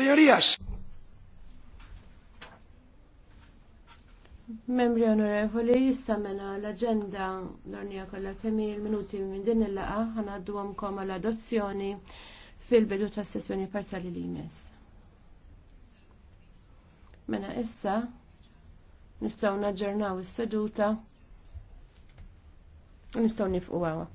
Señorías. Membri onorevoli, jissamena l-agenda l-ornija kolla kemmi il-minuti minn din il-laqa ħanaddu koma l adozzjoni fil-bidu ta' sessjoni parzali li imes Mena issa nistaw naġġernaw is-seduta u nistaw nifqu għawa.